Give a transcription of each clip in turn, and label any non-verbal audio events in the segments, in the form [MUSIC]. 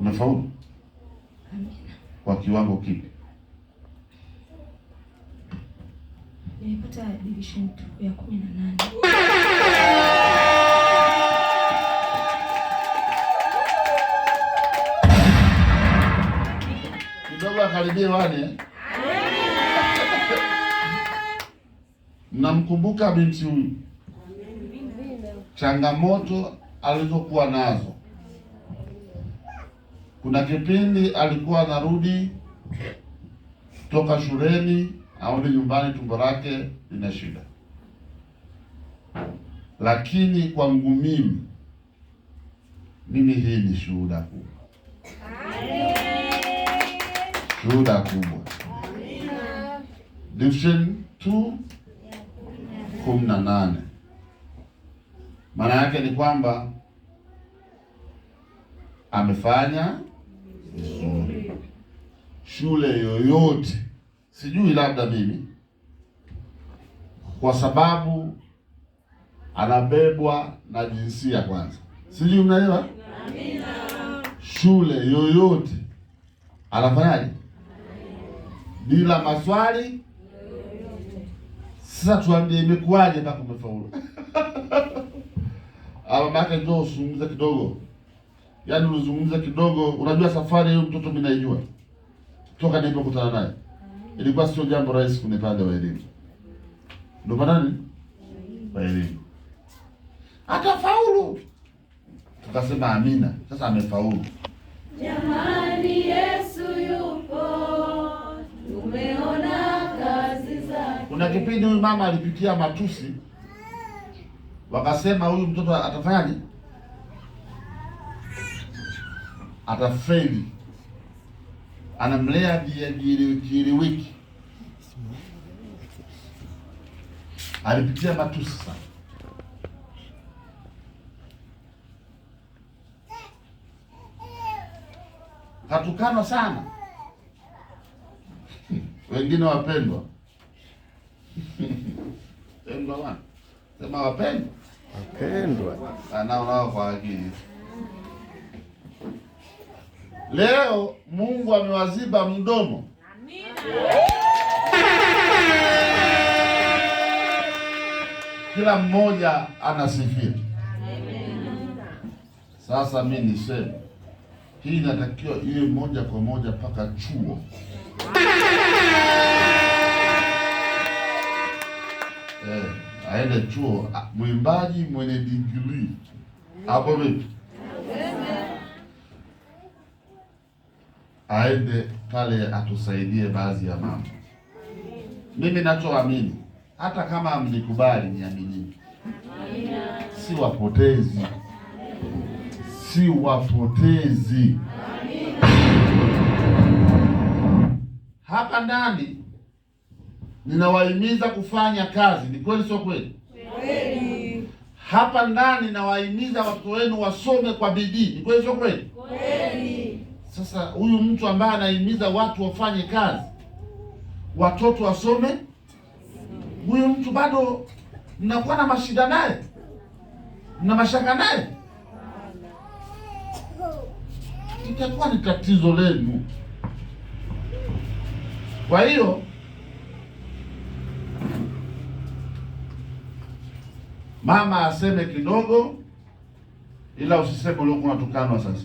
umefaulu kwa kiwango kipi? Nilipata division wane namkumbuka binti huyu, changamoto alizokuwa nazo kuna kipindi alikuwa anarudi toka shuleni audi nyumbani, tumbo lake lina shida, lakini kwangu mimi mimi hii ni shuhuda kubwa, shuhuda kubwa. Division 2 kumi na nane. Maana yake ni kwamba amefanya Shule yoyote sijui, labda mimi kwa sababu anabebwa na jinsia kwanza, sijui mnaelewa. Shule yoyote anafanyaje? Bila maswali. Sasa tuambie, imekuwaje mpaka umefaulu? Amamake, [LAUGHS] njoo usungumze kidogo yaani unazungumza kidogo. Unajua safari hiyo mtoto mimi naijua toka nilipokutana naye, ilikuwa sio jambo rahisi kwenye upande wa elimu. Ndio maana wa elimu atafaulu, tukasema amina. Sasa amefaulu, jamani, Yesu yupo, tumeona kazi zake. Kuna kipindi huyu mama alipitia matusi, wakasema huyu mtoto atafanyaje atafeli, anamlea jieleweki. Alipitia matusi sana. katukano sana [LAUGHS] wengine wapendwa pendwa, [LAUGHS] sema wapendwa, wapendwa, anaonao kwa akili Leo Mungu amewaziba mdomo. Amina. Kila mmoja anasifia. Sasa mi niseme hii inatakiwa iwe moja kwa moja mpaka chuo. Eh, aende chuo, mwimbaji mwenye digrii hapo vipi? aende pale atusaidie baadhi ya mambo. Mimi nachoamini hata kama mnikubali, niamini, si wapotezi, si wapotezi. Hapa ndani ninawahimiza kufanya kazi, ni kweli, sio kweli? Hapa ndani ninawahimiza watoto wenu wasome kwa bidii, ni kweli, sio kweli? Sasa huyu mtu ambaye anahimiza watu wafanye kazi, watoto wasome, huyu mtu bado mnakuwa na mashida naye, mna mashaka naye, itakuwa ni tatizo lenu. Kwa hiyo mama aseme kidogo, ila usiseme uliokuwa unatukanwa sasa.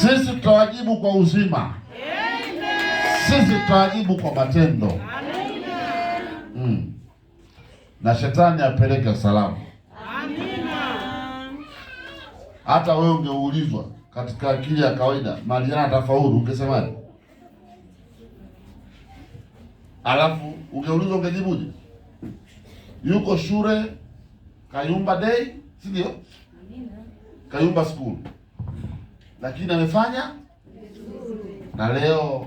Sisi tutawajibu kwa uzima, sisi tutawajibu kwa matendo mm. na shetani apeleke salamu. Hata wewe ungeulizwa katika akili ya kawaida, Mariana atafaulu, ungesemaje? Alafu ungeulizwa ungejibuje? Yuko shule Kayumba Day, si ndio? Kayumba School lakini amefanya na leo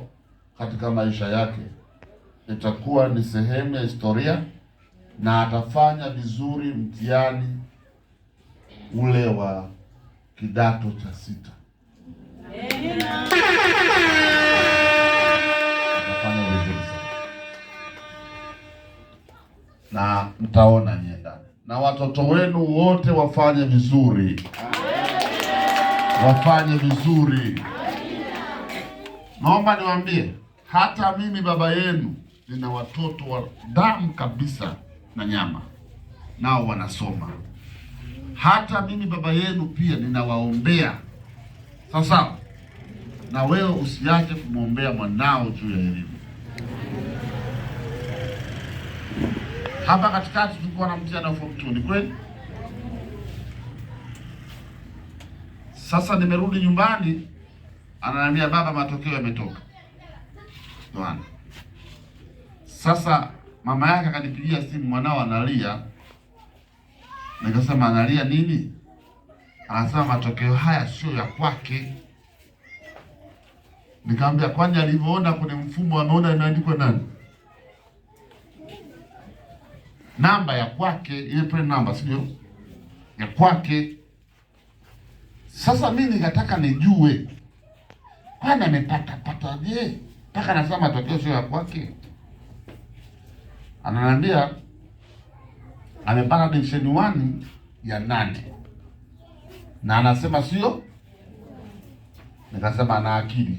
katika maisha yake itakuwa ni sehemu ya historia na atafanya vizuri mtihani ule wa kidato cha sita. na mtaona nyie na watoto wenu wote wafanye vizuri wafanye vizuri. Naomba niwaambie, hata mimi baba yenu nina watoto wa damu kabisa na nyama, nao wanasoma. Hata mimi baba yenu pia ninawaombea, sasa Na wewe usiache kumwombea mwanao juu ya elimu. Hapa katikati tulikuwa na mtihani wa form two, ni kweli? Sasa nimerudi nyumbani, ananiambia baba, matokeo yametoka. Bwana sasa mama yake akanipigia simu, mwanao analia. Nikasema analia nini? Anasema matokeo haya sio ya kwake. Nikamwambia kwani alivyoona kwenye mfumo ameona imeandikwa nani? Namba ya kwake, ile print number, sio ya kwake. Sasa mi nikataka nijue kwani amepata pataje mpaka anasema matokeo sio ya kwake. Ananiambia amepata divisheni wani ya nane na anasema sio. Nikasema ana akili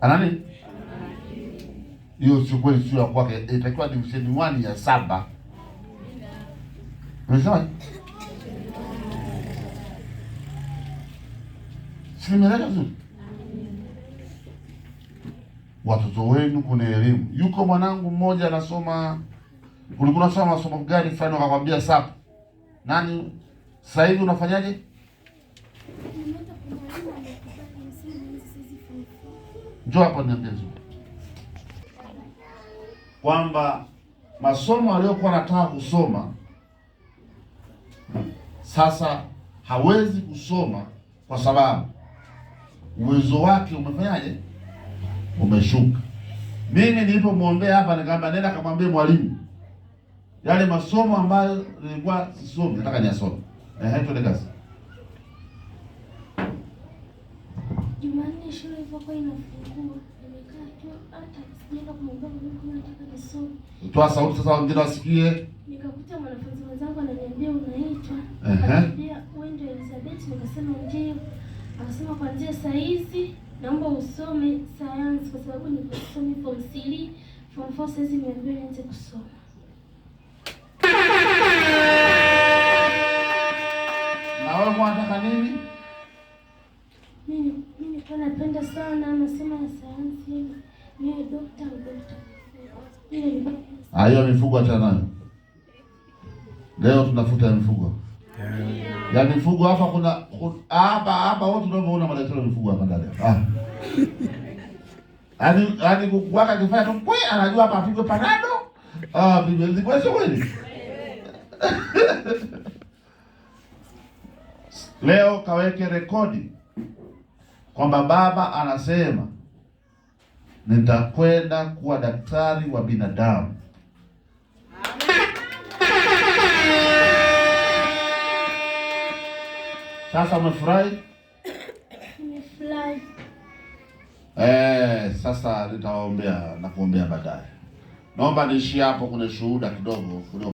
anani, hiyo sio kweli, sio ya kwake, itakiwa divisheni wani ya saba. Unasema Simeleka vizuri. Watoto wenu kuna elimu. Yuko mwanangu mmoja anasoma, ulikuwa unasoma masomo gani fulani, wakakwambia sapo nani? Sasa hivi unafanyaje? Njoo hapa niambie vizuri kwamba masomo aliyokuwa anataka kusoma sasa hawezi kusoma kwa sababu uwezo wake umefanyaje? Umeshuka. Mimi nilipomwombea hapa nikamwambia nenda kamwambie mwalimu yale masomo ambayo nilikuwa sisomi nataka niasome. Ehe, tuende kazi. Jumanne shule ilipokuwa inafungua nimekaa tu, hata sijaenda kumwambia mwalimu, nataka nisome. Toa sauti sasa, wengine wasikie. Nikakuta mwanafunzi wenzangu ananiambia unaitwa. Ehe, wewe ndio Elizabeth, nikasema ndio anasema kuanzia saa hizi naomba usome sayansi kwa sababu ni kusoma form 3 form 4 sasa nimeambiwa nianze kusoma. Na wewe unataka nini? Mimi mimi kwa napenda sana anasema ya sayansi. ni dokta dokta. Hayo ah, mifugo acha nayo. Leo tunafuta mifugo. Yeah ya mifugo hapa. Kuna hapa hapa wote tunavyoona madaktari wa mifugo hapa ndani hapa, ah. yani yani kukwaka kifanya tu kwe, anajua hapa afike panado, ah bibi ni kwa shughuli. [LAUGHS] Leo kaweke rekodi kwamba baba anasema nitakwenda kuwa daktari wa binadamu. Sasa umefurahi? Nimefurahi. Eh, sasa nitawaombea na kuombea baadaye. Naomba niishie hapo, kuna shuhuda kidogo.